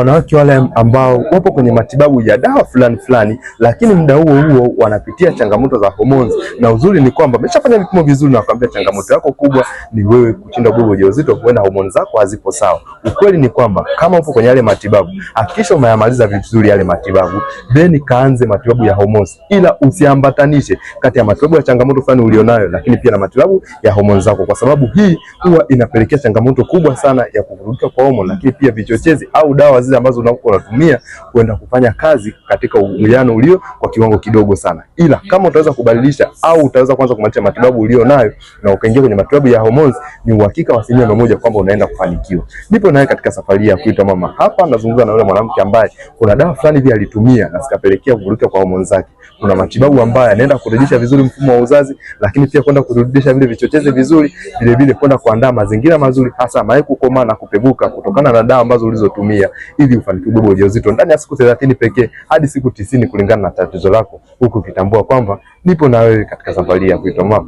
wanawake wale ambao wapo kwenye matibabu ya dawa fulani fulani, lakini muda huo huo wanapitia changamoto za hormones. na uzuri ni kwamba ameshafanya vipimo vizuri na wakamwambia changamoto yako kubwa ni wewe kushinda kubeba ujauzito, huenda hormones zako hazipo sawa. Ukweli ni kwamba kama upo kwenye yale matibabu, hakikisha umeyamaliza vizuri yale matibabu, then kaanze matibabu ya hormones, ila usiambatanishe kati ya matibabu ya changamoto fulani ulionayo, lakini pia na matibabu ya hormones zako, kwa sababu hii huwa inapelekea changamoto kubwa sana ya kuvuruga kwa homoni, lakini pia vichochezi au dawa zile ambazo unakuwa unatumia kwenda kufanya kazi katika uwiano ulio kwa kiwango kidogo sana, ila kama utaweza kubadilisha au utaweza kwanza kumaliza matibabu ulio nayo na ukaingia kwenye matibabu ya hormones, ni uhakika wa asilimia mia moja kwamba unaenda kufanikiwa. Nipo naye katika safari ya kuita mama, hapa nazungumza na yule mwanamke ambaye kuna dawa fulani hivi alitumia na sikapelekea kuvuruka kwa hormones zake. Kuna matibabu ambayo anaenda kurejesha vizuri mfumo wa uzazi, lakini pia kwenda kurudisha vile vichochezi vizuri, vile vile kwenda kuandaa mazingira mazuri, hasa mayai kukomaa na kupevuka kutokana na dawa ambazo ulizotumia ili ufanikiwe kubeba ujauzito ndani ya siku thelathini pekee hadi siku tisini kulingana na tatizo lako, huku ukitambua kwamba nipo na wewe katika safari ya kuitomaa